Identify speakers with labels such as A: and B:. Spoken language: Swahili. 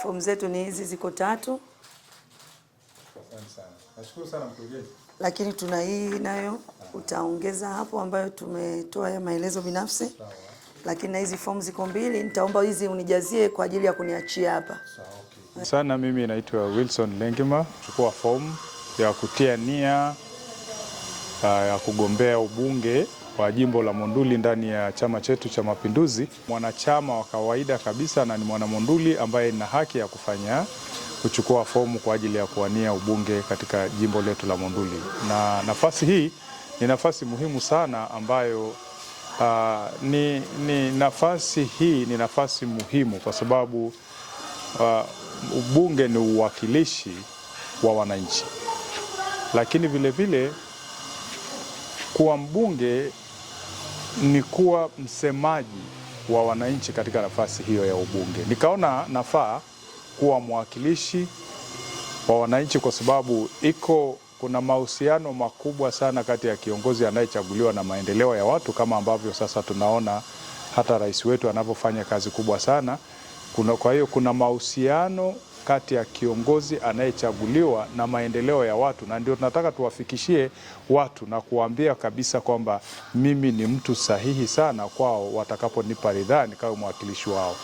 A: Fomu zetu ni hizi ziko tatu. Asante sana. Nashukuru sana mkurugenzi. Lakini tuna hii nayo utaongeza hapo ambayo tumetoa ya maelezo binafsi. Sawa. Lakini na hizi fomu ziko mbili, nitaomba hizi unijazie kwa ajili ya kuniachia hapa. Sawa,
B: okay. Sana mimi naitwa Wilson Lengima, chukua fomu ya kutia nia ah, ya kugombea ubunge kwa jimbo la Monduli ndani ya chama chetu cha Mapinduzi, mwanachama wa kawaida kabisa na ni mwanamonduli ambaye ina haki ya kufanya kuchukua fomu kwa ajili ya kuwania ubunge katika jimbo letu la Monduli, na nafasi hii ni nafasi muhimu sana ambayo Uh, ni, ni nafasi hii ni nafasi muhimu kwa sababu uh, ubunge ni uwakilishi wa wananchi, lakini vilevile kuwa mbunge ni kuwa msemaji wa wananchi katika nafasi hiyo ya ubunge. Nikaona nafaa kuwa mwakilishi wa wananchi kwa sababu iko kuna mahusiano makubwa sana kati ya kiongozi anayechaguliwa na maendeleo ya watu, kama ambavyo sasa tunaona hata rais wetu anavyofanya kazi kubwa sana kuna, kwa hiyo kuna mahusiano kati ya kiongozi anayechaguliwa na maendeleo ya watu, na ndio tunataka tuwafikishie watu na kuwaambia kabisa kwamba mimi ni mtu sahihi sana kwao watakaponipa ridhaa nikawe mwakilishi wao.